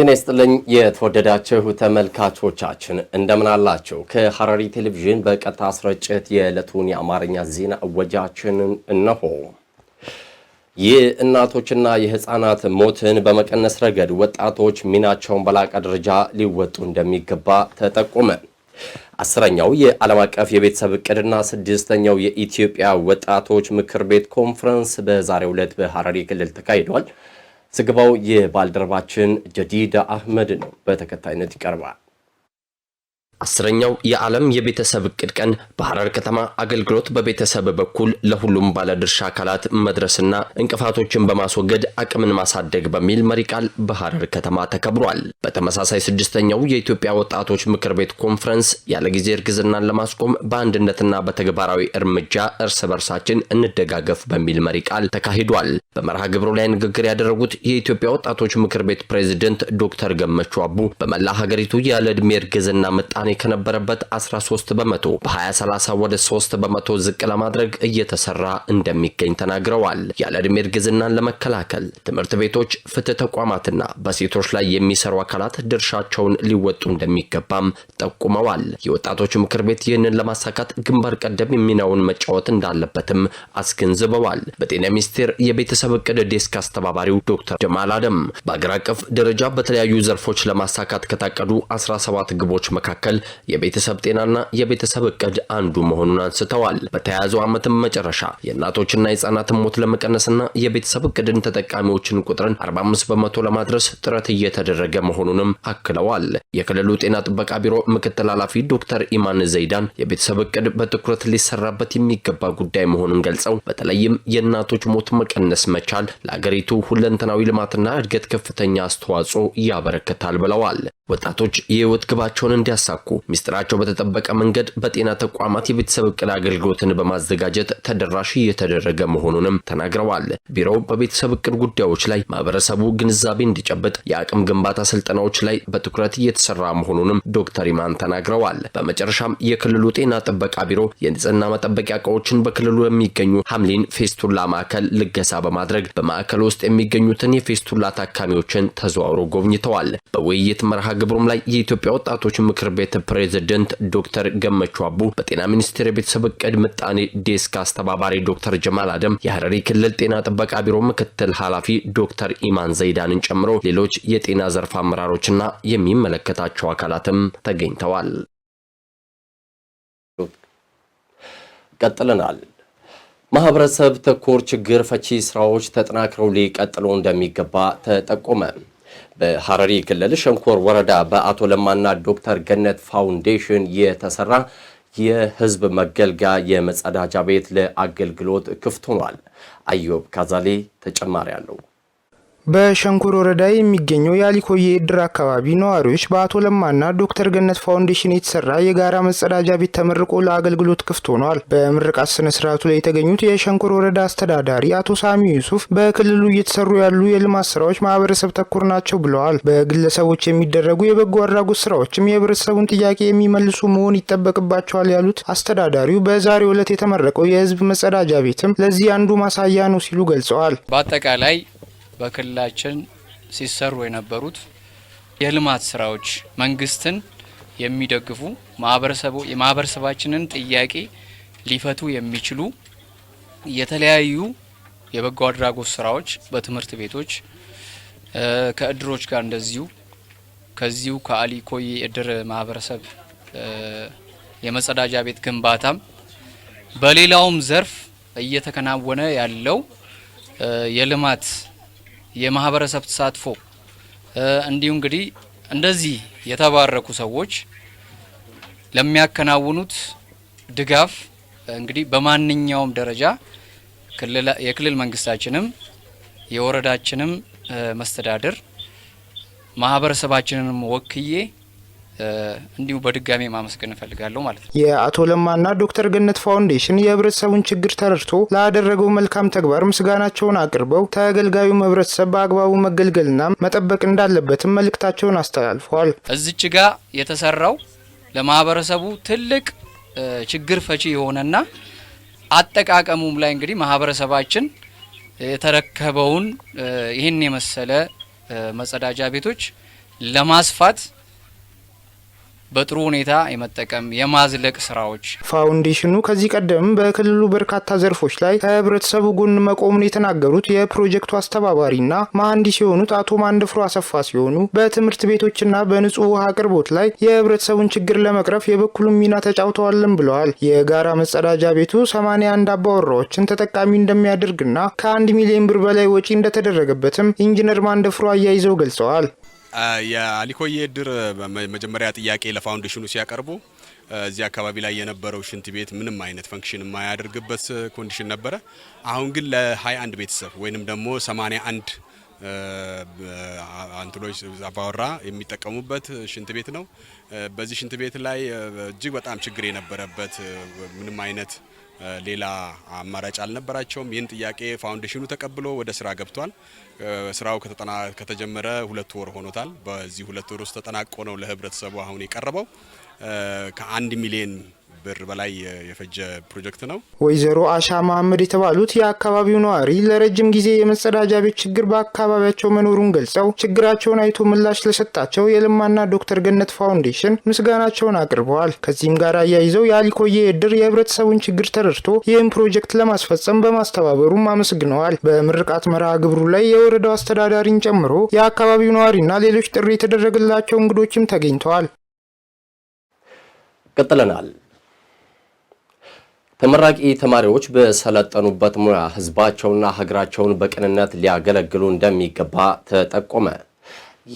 ጤና ይስጥልኝ የተወደዳችሁ ተመልካቾቻችን እንደምን አላችሁ? ከሐረሪ ቴሌቪዥን በቀጥታ ስርጭት የዕለቱን የአማርኛ ዜና እወጃችንን እነሆ። የእናቶችና የህፃናት ሞትን በመቀነስ ረገድ ወጣቶች ሚናቸውን በላቀ ደረጃ ሊወጡ እንደሚገባ ተጠቆመ። አስረኛው የዓለም አቀፍ የቤተሰብ እቅድና ስድስተኛው የኢትዮጵያ ወጣቶች ምክር ቤት ኮንፈረንስ በዛሬው ዕለት በሐረሪ ክልል ተካሂዷል። ዘገባው የባልደረባችን ጀዲዳ አህመድ ነው። በተከታይነት ይቀርባል። አስረኛው የዓለም የቤተሰብ እቅድ ቀን በሐረር ከተማ አገልግሎት በቤተሰብ በኩል ለሁሉም ባለድርሻ አካላት መድረስና እንቅፋቶችን በማስወገድ አቅምን ማሳደግ በሚል መሪ ቃል በሐረር ከተማ ተከብሯል። በተመሳሳይ ስድስተኛው የኢትዮጵያ ወጣቶች ምክር ቤት ኮንፈረንስ ያለ ጊዜ እርግዝናን ለማስቆም በአንድነትና በተግባራዊ እርምጃ እርስ በርሳችን እንደጋገፍ በሚል መሪ ቃል ተካሂዷል። በመርሃ ግብሩ ላይ ንግግር ያደረጉት የኢትዮጵያ ወጣቶች ምክር ቤት ፕሬዝደንት ዶክተር ገመቹ አቡ በመላ ሀገሪቱ ያለ ዕድሜ እርግዝና መጣ ምጣኔ ከነበረበት 13 በመቶ በ2030 ወደ 3 በመቶ ዝቅ ለማድረግ እየተሰራ እንደሚገኝ ተናግረዋል። ያለ ዕድሜ እርግዝናን ለመከላከል ትምህርት ቤቶች፣ ፍትህ ተቋማትና በሴቶች ላይ የሚሰሩ አካላት ድርሻቸውን ሊወጡ እንደሚገባም ጠቁመዋል። የወጣቶች ምክር ቤት ይህንን ለማሳካት ግንባር ቀደም ሚናውን መጫወት እንዳለበትም አስገንዝበዋል። በጤና ሚኒስቴር የቤተሰብ እቅድ ዴስክ አስተባባሪው ዶክተር ጀማል አደም በአገር አቀፍ ደረጃ በተለያዩ ዘርፎች ለማሳካት ከታቀዱ 17 ግቦች መካከል መከላከል የቤተሰብ ጤናና የቤተሰብ እቅድ አንዱ መሆኑን አንስተዋል። በተያያዘው ዓመትም መጨረሻ የእናቶችና የህጻናትን ሞት ለመቀነስና የቤተሰብ እቅድን ተጠቃሚዎችን ቁጥርን 45 በመቶ ለማድረስ ጥረት እየተደረገ መሆኑንም አክለዋል። የክልሉ ጤና ጥበቃ ቢሮ ምክትል ኃላፊ ዶክተር ኢማን ዘይዳን የቤተሰብ እቅድ በትኩረት ሊሰራበት የሚገባ ጉዳይ መሆኑን ገልጸው በተለይም የእናቶች ሞት መቀነስ መቻል ለአገሪቱ ሁለንተናዊ ልማትና እድገት ከፍተኛ አስተዋጽኦ ያበረክታል ብለዋል። ወጣቶች የህይወት ግባቸውን እንዲያሳኩ ተሳኩ። ሚስጥራቸው በተጠበቀ መንገድ በጤና ተቋማት የቤተሰብ እቅድ አገልግሎትን በማዘጋጀት ተደራሽ እየተደረገ መሆኑንም ተናግረዋል። ቢሮው በቤተሰብ እቅድ ጉዳዮች ላይ ማህበረሰቡ ግንዛቤ እንዲጨብጥ የአቅም ግንባታ ስልጠናዎች ላይ በትኩረት እየተሰራ መሆኑንም ዶክተር ኢማን ተናግረዋል። በመጨረሻም የክልሉ ጤና ጥበቃ ቢሮ የንጽህና መጠበቂያ እቃዎችን በክልሉ የሚገኙ ሐምሊን ፌስቱላ ማዕከል ልገሳ በማድረግ በማዕከል ውስጥ የሚገኙትን የፌስቱላ ታካሚዎችን ተዘዋውሮ ጎብኝተዋል። በውይይት መርሃ ግብሩም ላይ የኢትዮጵያ ወጣቶች ምክር ቤት ምክትል ፕሬዚደንት ዶክተር ገመቹ አቡ፣ በጤና ሚኒስቴር የቤተሰብ እቅድ ምጣኔ ዴስክ አስተባባሪ ዶክተር ጀማል አደም፣ የሐረሪ ክልል ጤና ጥበቃ ቢሮ ምክትል ኃላፊ ዶክተር ኢማን ዘይዳንን ጨምሮ ሌሎች የጤና ዘርፍ አመራሮችና የሚመለከታቸው አካላትም ተገኝተዋል። ቀጥለናል። ማህበረሰብ ተኮር ችግር ፈቺ ስራዎች ተጠናክረው ሊቀጥሉ እንደሚገባ ተጠቆመ። በሐረሪ ክልል ሸንኮር ወረዳ በአቶ ለማና ዶክተር ገነት ፋውንዴሽን የተሰራ የህዝብ መገልገያ የመጸዳጃ ቤት ለአገልግሎት ክፍት ሆኗል። አዮብ ካዛሌ ተጨማሪ አለው። በሸንኮር ወረዳ የሚገኘው የአሊኮዬ ዕድር አካባቢ ነዋሪዎች በአቶ ለማና ዶክተር ገነት ፋውንዴሽን የተሰራ የጋራ መጸዳጃ ቤት ተመርቆ ለአገልግሎት ክፍት ሆኗል። በምርቃት ስነ ስርዓቱ ላይ የተገኙት የሸንኮር ወረዳ አስተዳዳሪ አቶ ሳሚ ዩሱፍ በክልሉ እየተሰሩ ያሉ የልማት ስራዎች ማህበረሰብ ተኮር ናቸው ብለዋል። በግለሰቦች የሚደረጉ የበጎ አድራጎት ስራዎችም የህብረተሰቡን ጥያቄ የሚመልሱ መሆን ይጠበቅባቸዋል ያሉት አስተዳዳሪው በዛሬው ዕለት የተመረቀው የህዝብ መጸዳጃ ቤትም ለዚህ አንዱ ማሳያ ነው ሲሉ ገልጸዋል። በአጠቃላይ በክልላችን ሲሰሩ የነበሩት የልማት ስራዎች መንግስትን የሚደግፉ የማህበረሰባችንን ጥያቄ ሊፈቱ የሚችሉ የተለያዩ የበጎ አድራጎት ስራዎች በትምህርት ቤቶች ከእድሮች ጋር እንደዚሁ ከዚሁ ከአሊ እድር ማህበረሰብ የመጸዳጃ ቤት ግንባታም በሌላውም ዘርፍ እየተከናወነ ያለው የልማት የማህበረሰብ ተሳትፎ እንዲሁ እንግዲህ እንደዚህ የተባረኩ ሰዎች ለሚያከናውኑት ድጋፍ እንግዲህ በማንኛውም ደረጃ የክልል መንግስታችንም የወረዳችንም መስተዳድር ማህበረሰባችንንም ወክዬ እንዲሁ በድጋሜ ማመስገን እፈልጋለሁ ማለት ነው። የአቶ ለማና ዶክተር ገነት ፋውንዴሽን የህብረተሰቡን ችግር ተረድቶ ላደረገው መልካም ተግባር ምስጋናቸውን አቅርበው ተገልጋዩም ህብረተሰብ በአግባቡ መገልገልና መጠበቅ እንዳለበትም መልእክታቸውን አስተላልፈዋል። እዚች ጋ የተሰራው ለማህበረሰቡ ትልቅ ችግር ፈቺ የሆነና አጠቃቀሙም ላይ እንግዲህ ማህበረሰባችን የተረከበውን ይህን የመሰለ መጸዳጃ ቤቶች ለማስፋት በጥሩ ሁኔታ የመጠቀም የማዝለቅ ስራዎች ፋውንዴሽኑ ከዚህ ቀደም በክልሉ በርካታ ዘርፎች ላይ ከህብረተሰቡ ጎን መቆሙን የተናገሩት የፕሮጀክቱ አስተባባሪና መሀንዲስ የሆኑት አቶ ማንደፍሮ አሰፋ ሲሆኑ በትምህርት ቤቶችና በንጹህ ውሃ አቅርቦት ላይ የህብረተሰቡን ችግር ለመቅረፍ የበኩሉን ሚና ተጫውተዋልን ብለዋል። የጋራ መጸዳጃ ቤቱ 81 አባወራዎችን ተጠቃሚ እንደሚያደርግና ከአንድ ሚሊዮን ብር በላይ ወጪ እንደተደረገበትም ኢንጂነር ማንደፍሮ አያይዘው ገልጸዋል። የአሊኮዬ እድር መጀመሪያ ጥያቄ ለፋውንዴሽኑ ሲያቀርቡ እዚህ አካባቢ ላይ የነበረው ሽንት ቤት ምንም አይነት ፈንክሽን የማያደርግበት ኮንዲሽን ነበረ። አሁን ግን ለ21 ቤተሰብ ወይንም ደግሞ 81 አንትሎች አባወራ የሚጠቀሙበት ሽንት ቤት ነው። በዚህ ሽንት ቤት ላይ እጅግ በጣም ችግር የነበረበት ምንም አይነት ሌላ አማራጭ አልነበራቸውም። ይህን ጥያቄ ፋውንዴሽኑ ተቀብሎ ወደ ስራ ገብቷል። ስራው ከተጀመረ ሁለት ወር ሆኖታል። በዚህ ሁለት ወር ውስጥ ተጠናቆ ነው ለህብረተሰቡ አሁን የቀረበው ከአንድ ሚሊዮን ብር በላይ የፈጀ ፕሮጀክት ነው። ወይዘሮ አሻ መሀመድ የተባሉት የአካባቢው ነዋሪ ለረጅም ጊዜ የመጸዳጃ ቤት ችግር በአካባቢያቸው መኖሩን ገልጸው ችግራቸውን አይቶ ምላሽ ለሰጣቸው የልማና ዶክተር ገነት ፋውንዴሽን ምስጋናቸውን አቅርበዋል። ከዚህም ጋር አያይዘው የአሊኮዬ እድር የህብረተሰቡን ችግር ተረድቶ ይህን ፕሮጀክት ለማስፈጸም በማስተባበሩም አመስግነዋል። በምርቃት መርሃ ግብሩ ላይ የወረዳው አስተዳዳሪን ጨምሮ የአካባቢው ነዋሪና ሌሎች ጥሪ የተደረገላቸው እንግዶችም ተገኝተዋል። ቀጥለናል። ተመራቂ ተማሪዎች በሰለጠኑበት ሙያ ህዝባቸውና ሀገራቸውን በቅንነት ሊያገለግሉ እንደሚገባ ተጠቆመ።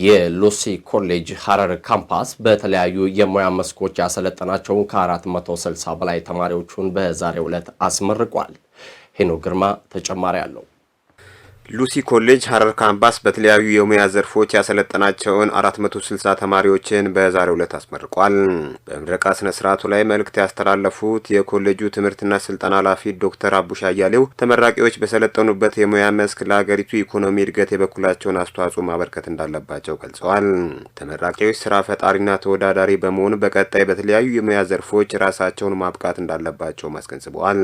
የሉሲ ኮሌጅ ሀረር ካምፓስ በተለያዩ የሙያ መስኮች ያሰለጠናቸውን ከ460 በላይ ተማሪዎቹን በዛሬው ዕለት አስመርቋል። ሄኖ ግርማ ተጨማሪ አለው። ሉሲ ኮሌጅ ሀረር ካምፓስ በተለያዩ የሙያ ዘርፎች ያሰለጠናቸውን 460 ተማሪዎችን በዛሬው ዕለት አስመርቋል። በምረቃ ስነ ስርዓቱ ላይ መልእክት ያስተላለፉት የኮሌጁ ትምህርትና ስልጠና ኃላፊ ዶክተር አቡሻያሌው አያሌው ተመራቂዎች በሰለጠኑበት የሙያ መስክ ለሀገሪቱ ኢኮኖሚ እድገት የበኩላቸውን አስተዋጽኦ ማበርከት እንዳለባቸው ገልጸዋል። ተመራቂዎች ስራ ፈጣሪና ተወዳዳሪ በመሆን በቀጣይ በተለያዩ የሙያ ዘርፎች ራሳቸውን ማብቃት እንዳለባቸውም አስገንዝበዋል።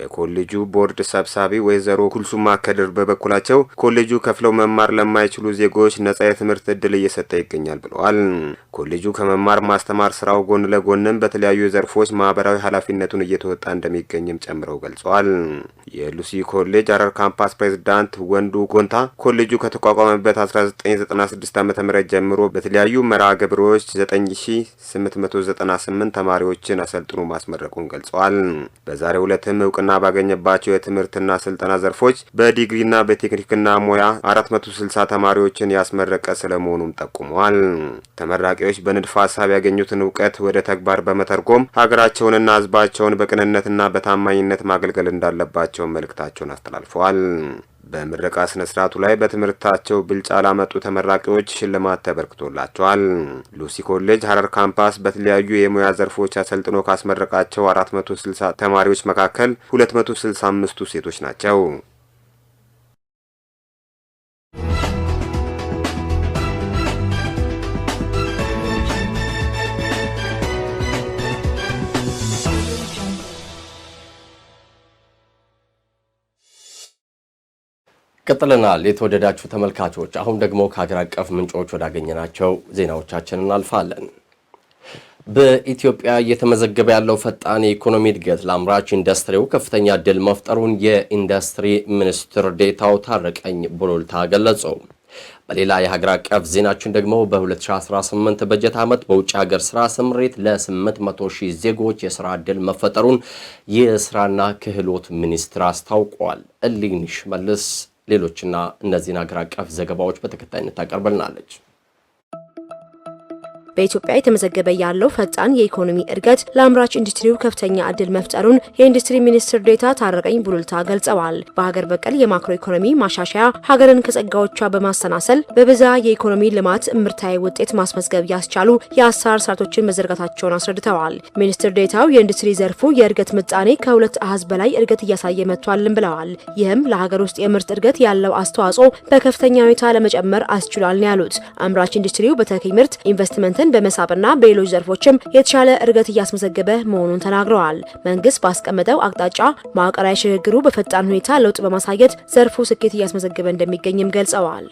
የኮሌጁ ቦርድ ሰብሳቢ ወይዘሮ ኩልሱማ ከድር በበኩላ በመሆናቸው ኮሌጁ ከፍለው መማር ለማይችሉ ዜጎች ነጻ የትምህርት እድል እየሰጠ ይገኛል ብለዋል። ኮሌጁ ከመማር ማስተማር ስራው ጎን ለጎንም በተለያዩ ዘርፎች ማህበራዊ ኃላፊነቱን እየተወጣ እንደሚገኝም ጨምረው ገልጸዋል። የሉሲ ኮሌጅ አረር ካምፓስ ፕሬዝዳንት ወንዱ ጎንታ ኮሌጁ ከተቋቋመበት 1996 ዓ ም ጀምሮ በተለያዩ መርሃ ግብሮች 9898 ተማሪዎችን አሰልጥኖ ማስመረቁን ገልጸዋል። በዛሬው ዕለትም እውቅና ባገኘባቸው የትምህርትና ስልጠና ዘርፎች በዲግሪና በቴ ቴክኒክና ሙያ 460 ተማሪዎችን ያስመረቀ ስለመሆኑም ጠቁመዋል። ተመራቂዎች በንድፈ ሀሳብ ያገኙትን እውቀት ወደ ተግባር በመተርጎም ሀገራቸውንና ህዝባቸውን በቅንነትና በታማኝነት ማገልገል እንዳለባቸው መልእክታቸውን አስተላልፈዋል። በምረቃ ስነ ስርዓቱ ላይ በትምህርታቸው ብልጫ ላመጡ ተመራቂዎች ሽልማት ተበርክቶላቸዋል። ሉሲ ኮሌጅ ሀረር ካምፓስ በተለያዩ የሙያ ዘርፎች አሰልጥኖ ካስመረቃቸው 460 ተማሪዎች መካከል 265ቱ ሴቶች ናቸው። ቀጥለናል። የተወደዳችሁ ተመልካቾች፣ አሁን ደግሞ ከሀገር አቀፍ ምንጮች ወዳገኘናቸው ዜናዎቻችን እናልፋለን። በኢትዮጵያ እየተመዘገበ ያለው ፈጣን የኢኮኖሚ እድገት ለአምራች ኢንዱስትሪው ከፍተኛ ድል መፍጠሩን የኢንዱስትሪ ሚኒስትር ዴታው ታረቀኝ ቡሉልታ ገለጹ። በሌላ የሀገር አቀፍ ዜናችን ደግሞ በ2018 በጀት ዓመት በውጭ ሀገር ስራ ስምሪት ለ800 ሺህ ዜጎች የስራ ዕድል መፈጠሩን የስራና ክህሎት ሚኒስትር አስታውቋል። እሊንሽ መልስ ሌሎችና እነዚህን ሀገር አቀፍ ዘገባዎች በተከታይነት ታቀርበልናለች። በኢትዮጵያ የተመዘገበ ያለው ፈጣን የኢኮኖሚ እድገት ለአምራች ኢንዱስትሪው ከፍተኛ እድል መፍጠሩን የኢንዱስትሪ ሚኒስትር ዴታ ታረቀኝ ቡሉልታ ገልጸዋል። በሀገር በቀል የማክሮ ኢኮኖሚ ማሻሻያ ሀገርን ከጸጋዎቿ በማሰናሰል በብዛ የኢኮኖሚ ልማት እምርታዊ ውጤት ማስመዝገብ ያስቻሉ የአሰራር ስርዓቶችን መዘርጋታቸውን አስረድተዋል። ሚኒስትር ዴታው የኢንዱስትሪ ዘርፉ የእድገት ምጣኔ ከሁለት አሃዝ በላይ እድገት እያሳየ መጥቷልን ብለዋል። ይህም ለሀገር ውስጥ የምርት እድገት ያለው አስተዋጽኦ በከፍተኛ ሁኔታ ለመጨመር አስችሏል ነው ያሉት። አምራች ኢንዱስትሪው በተኪ ምርት ኢንቨስትመንትን ግን በመሳብና በሌሎች ዘርፎችም የተሻለ እድገት እያስመዘገበ መሆኑን ተናግረዋል። መንግስት ባስቀመጠው አቅጣጫ መዋቅራዊ ሽግግሩ በፈጣን ሁኔታ ለውጥ በማሳየት ዘርፉ ስኬት እያስመዘገበ እንደሚገኝም ገልጸዋል።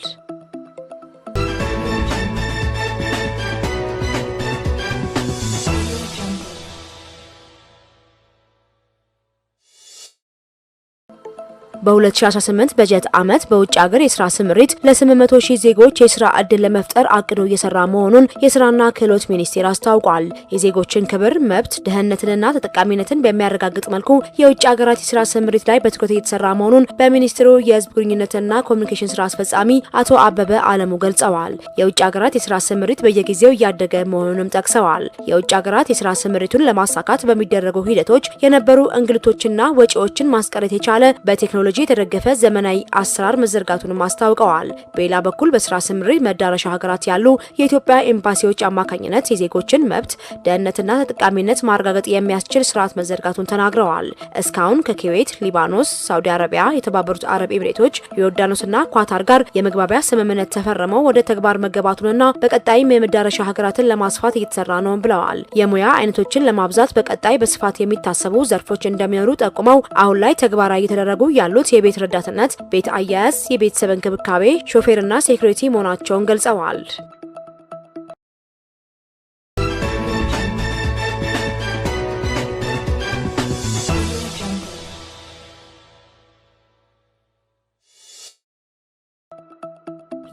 በ2018 በጀት ዓመት በውጭ ሀገር የስራ ስምሪት ለ800 ሺህ ዜጎች የስራ ዕድል ለመፍጠር አቅዶ እየሰራ መሆኑን የስራና ክህሎት ሚኒስቴር አስታውቋል። የዜጎችን ክብር፣ መብት፣ ደህንነትንና ተጠቃሚነትን በሚያረጋግጥ መልኩ የውጭ ሀገራት የስራ ስምሪት ላይ በትኩረት እየተሰራ መሆኑን በሚኒስትሩ የህዝብ ግንኙነትና ኮሚኒኬሽን ስራ አስፈጻሚ አቶ አበበ አለሙ ገልጸዋል። የውጭ ሀገራት የስራ ስምሪት በየጊዜው እያደገ መሆኑንም ጠቅሰዋል። የውጭ ሀገራት የስራ ስምሪቱን ለማሳካት በሚደረጉ ሂደቶች የነበሩ እንግልቶችና ወጪዎችን ማስቀረት የቻለ በቴክኖሎጂ በቴክኖሎጂ የተደገፈ ዘመናዊ አሰራር መዘርጋቱንም አስታውቀዋል። በሌላ በኩል በስራ ስምሪ መዳረሻ ሀገራት ያሉ የኢትዮጵያ ኤምባሲዎች አማካኝነት የዜጎችን መብት ደህንነትና ተጠቃሚነት ማረጋገጥ የሚያስችል ስርዓት መዘርጋቱን ተናግረዋል። እስካሁን ከኩዌት፣ ሊባኖስ፣ ሳውዲ አረቢያ፣ የተባበሩት አረብ ኤምሬቶች፣ ዮርዳኖስና ኳታር ጋር የመግባቢያ ስምምነት ተፈርመው ወደ ተግባር መገባቱንና በቀጣይም የመዳረሻ ሀገራትን ለማስፋት እየተሰራ ነው ብለዋል። የሙያ አይነቶችን ለማብዛት በቀጣይ በስፋት የሚታሰቡ ዘርፎች እንደሚኖሩ ጠቁመው አሁን ላይ ተግባራዊ እየተደረጉ ያሉት የሚሰሩት የቤት ረዳትነት፣ ቤት አያያዝ፣ የቤተሰብ እንክብካቤ፣ ሾፌርና ሴኩሪቲ መሆናቸውን ገልጸዋል።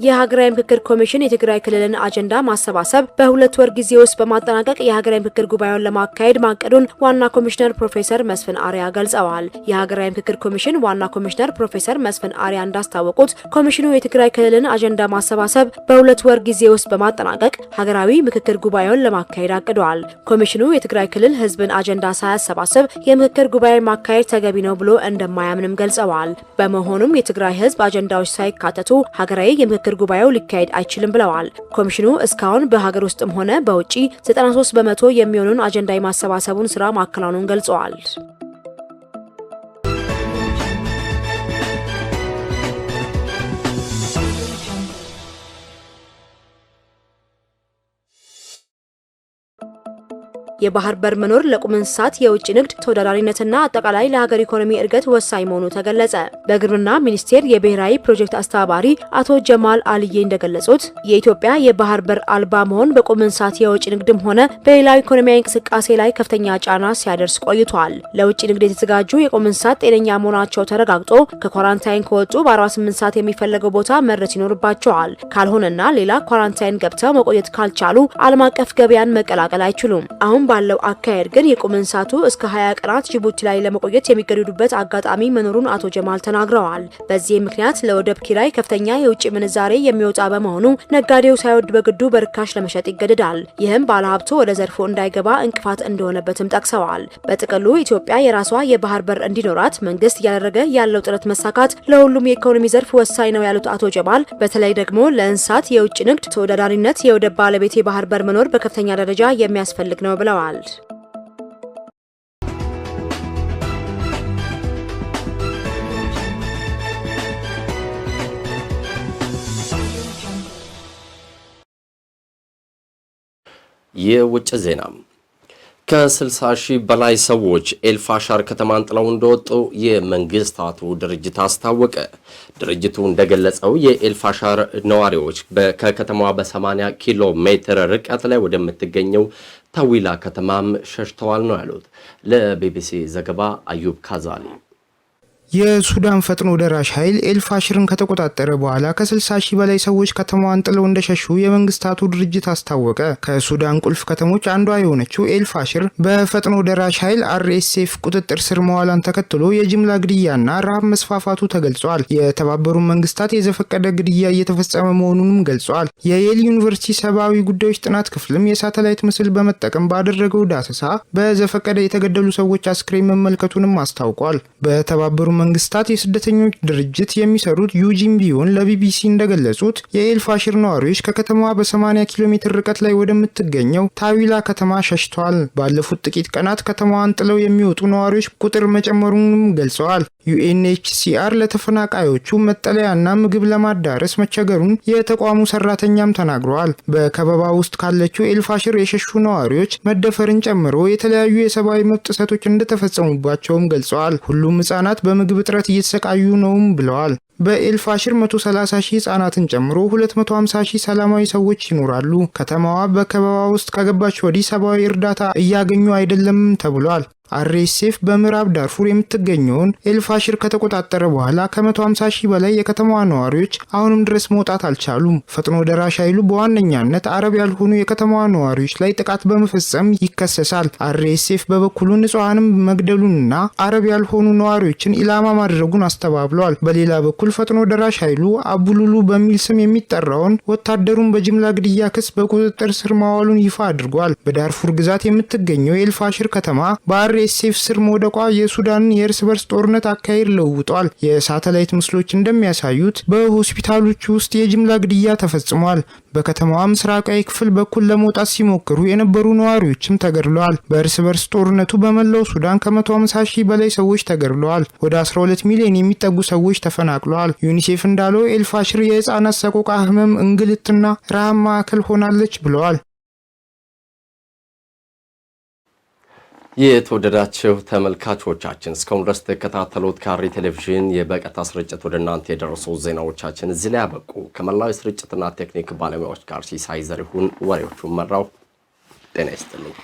የሀገራዊ ምክክር ኮሚሽን የትግራይ ክልልን አጀንዳ ማሰባሰብ በሁለት ወር ጊዜ ውስጥ በማጠናቀቅ የሀገራዊ ምክክር ጉባኤውን ለማካሄድ ማቀዱን ዋና ኮሚሽነር ፕሮፌሰር መስፍን አሪያ ገልጸዋል። የሀገራዊ ምክክር ኮሚሽን ዋና ኮሚሽነር ፕሮፌሰር መስፍን አሪያ እንዳስታወቁት ኮሚሽኑ የትግራይ ክልልን አጀንዳ ማሰባሰብ በሁለት ወር ጊዜ ውስጥ በማጠናቀቅ ሀገራዊ ምክክር ጉባኤውን ለማካሄድ አቅደዋል። ኮሚሽኑ የትግራይ ክልል ህዝብን አጀንዳ ሳያሰባስብ የምክክር ጉባኤ ማካሄድ ተገቢ ነው ብሎ እንደማያምንም ገልጸዋል። በመሆኑም የትግራይ ህዝብ አጀንዳዎች ሳይካተቱ ሀገራዊ የምክክር ምክክር ጉባኤው ሊካሄድ አይችልም ብለዋል። ኮሚሽኑ እስካሁን በሀገር ውስጥም ሆነ በውጭ 93 በመቶ የሚሆኑን አጀንዳ የማሰባሰቡን ስራ ማከናወኑን ገልጸዋል። የባህር በር መኖር ለቁም እንስሳት የውጭ ንግድ ተወዳዳሪነትና አጠቃላይ ለሀገር ኢኮኖሚ እድገት ወሳኝ መሆኑ ተገለጸ። በግብርና ሚኒስቴር የብሔራዊ ፕሮጀክት አስተባባሪ አቶ ጀማል አልዬ እንደገለጹት የኢትዮጵያ የባህር በር አልባ መሆን በቁም እንስሳት የውጭ ንግድም ሆነ በሌላው ኢኮኖሚያዊ እንቅስቃሴ ላይ ከፍተኛ ጫና ሲያደርስ ቆይቷል። ለውጭ ንግድ የተዘጋጁ የቁም እንስሳት ጤነኛ መሆናቸው ተረጋግጦ ከኳራንታይን ከወጡ በ48 ሰዓት የሚፈለገው ቦታ መድረስ ይኖርባቸዋል። ካልሆነና ሌላ ኳራንታይን ገብተው መቆየት ካልቻሉ ዓለም አቀፍ ገበያን መቀላቀል አይችሉም። አሁን ባለው አካሄድ ግን የቁም እንስሳቱ እስከ 20 ቀናት ጅቡቲ ላይ ለመቆየት የሚገደዱበት አጋጣሚ መኖሩን አቶ ጀማል ተናግረዋል። በዚህም ምክንያት ለወደብ ኪራይ ከፍተኛ የውጭ ምንዛሬ የሚወጣ በመሆኑ ነጋዴው ሳይወድ በግዱ በርካሽ ለመሸጥ ይገደዳል። ይህም ባለሀብቱ ወደ ዘርፉ እንዳይገባ እንቅፋት እንደሆነበትም ጠቅሰዋል። በጥቅሉ ኢትዮጵያ የራሷ የባህር በር እንዲኖራት መንግስት እያደረገ ያለው ጥረት መሳካት ለሁሉም የኢኮኖሚ ዘርፍ ወሳኝ ነው ያሉት አቶ ጀማል በተለይ ደግሞ ለእንስሳት የውጭ ንግድ ተወዳዳሪነት የወደብ ባለቤት የባህር በር መኖር በከፍተኛ ደረጃ የሚያስፈልግ ነው ብለዋል። ተናግረዋል። የውጭ ዜና ከ60 ሺህ በላይ ሰዎች ኤልፋሻር ከተማን ጥለው እንደወጡ የመንግስታቱ ድርጅት አስታወቀ። ድርጅቱ እንደገለጸው የኤልፋሻር ነዋሪዎች ከከተማዋ በ80 ኪሎ ሜትር ርቀት ላይ ወደምትገኘው ታዊላ ከተማም ሸሽተዋል ነው ያሉት። ለቢቢሲ ዘገባ አዩብ ካዛሊ የሱዳን ፈጥኖ ደራሽ ኃይል ኤልፋሽርን ከተቆጣጠረ በኋላ ከ60 ሺህ በላይ ሰዎች ከተማዋን ጥለው እንደሸሹ የመንግስታቱ ድርጅት አስታወቀ። ከሱዳን ቁልፍ ከተሞች አንዷ የሆነችው ኤልፋሽር በፈጥኖ ደራሽ ኃይል አርኤስኤፍ ቁጥጥር ስር መዋላን ተከትሎ የጅምላ ግድያና ረሃብ መስፋፋቱ ተገልጿል። የተባበሩት መንግስታት የዘፈቀደ ግድያ እየተፈጸመ መሆኑንም ገልጿል። የየል ዩኒቨርሲቲ ሰብአዊ ጉዳዮች ጥናት ክፍልም የሳተላይት ምስል በመጠቀም ባደረገው ዳሰሳ በዘፈቀደ የተገደሉ ሰዎች አስክሬን መመልከቱንም አስታውቋል። በተባበሩ መንግስታት የስደተኞች ድርጅት የሚሰሩት ዩጂን ቢዮን ለቢቢሲ እንደገለጹት የኤልፋሽር ነዋሪዎች ከከተማዋ በ80 ኪሎ ሜትር ርቀት ላይ ወደምትገኘው ታዊላ ከተማ ሸሽተዋል። ባለፉት ጥቂት ቀናት ከተማዋን ጥለው የሚወጡ ነዋሪዎች ቁጥር መጨመሩንም ገልጸዋል። ዩኤንኤችሲአር ለተፈናቃዮቹ መጠለያና ምግብ ለማዳረስ መቸገሩን የተቋሙ ሰራተኛም ተናግረዋል። በከበባ ውስጥ ካለችው ኤልፋሽር የሸሹ ነዋሪዎች መደፈርን ጨምሮ የተለያዩ የሰብአዊ መብት ጥሰቶች እንደተፈጸሙባቸውም ገልጸዋል። ሁሉም ህጻናት በምግብ እጥረት እየተሰቃዩ ነውም ብለዋል። በኤልፋሽር 130 ሺህ ህጻናትን ጨምሮ 250 ሺህ ሰላማዊ ሰዎች ይኖራሉ። ከተማዋ በከበባ ውስጥ ከገባች ወዲህ ሰብአዊ እርዳታ እያገኙ አይደለም ተብሏል። አሬሴፍ በምዕራብ ዳርፉር የምትገኘውን ኤልፋሽር ከተቆጣጠረ በኋላ ከ150 ሺህ በላይ የከተማዋ ነዋሪዎች አሁንም ድረስ መውጣት አልቻሉም። ፈጥኖ ደራሽ ኃይሉ በዋነኛነት አረብ ያልሆኑ የከተማዋ ነዋሪዎች ላይ ጥቃት በመፈጸም ይከሰሳል። አሬሴፍ በበኩሉ ንጹሐንም መግደሉንና አረብ ያልሆኑ ነዋሪዎችን ኢላማ ማድረጉን አስተባብለዋል። በሌላ በኩል ፈጥኖ ደራሽ ኃይሉ አቡሉሉ በሚል ስም የሚጠራውን ወታደሩን በጅምላ ግድያ ክስ በቁጥጥር ስር ማዋሉን ይፋ አድርጓል። በዳርፉር ግዛት የምትገኘው የኤልፋሽር ከተማ በአሬ የመሬት ሴፍ ስር መውደቋ የሱዳንን የእርስ በርስ ጦርነት አካሄድ ለውጧል። የሳተላይት ምስሎች እንደሚያሳዩት በሆስፒታሎች ውስጥ የጅምላ ግድያ ተፈጽሟል። በከተማዋ ምስራቃዊ ክፍል በኩል ለመውጣት ሲሞክሩ የነበሩ ነዋሪዎችም ተገድለዋል። በእርስ በርስ ጦርነቱ በመላው ሱዳን ከ150 ሺህ በላይ ሰዎች ተገድለዋል። ወደ 12 ሚሊዮን የሚጠጉ ሰዎች ተፈናቅለዋል። ዩኒሴፍ እንዳለው ኤልፋሽር የህፃናት ሰቆቃ ህመም፣ እንግልትና ረሃብ ማዕከል ሆናለች ብለዋል። የተወደዳችሁ ተመልካቾቻችን እስካሁን ድረስ ተከታተሉት ሐረሪ ቴሌቪዥን የበቀታ ስርጭት ወደ እናንተ የደረሱ ዜናዎቻችን እዚህ ላይ ያበቁ። ከመላዊ ስርጭትና ቴክኒክ ባለሙያዎች ጋር ሲሳይ ዘሪሁን ወሬዎቹን መራው። ጤና ይስጥልኝ።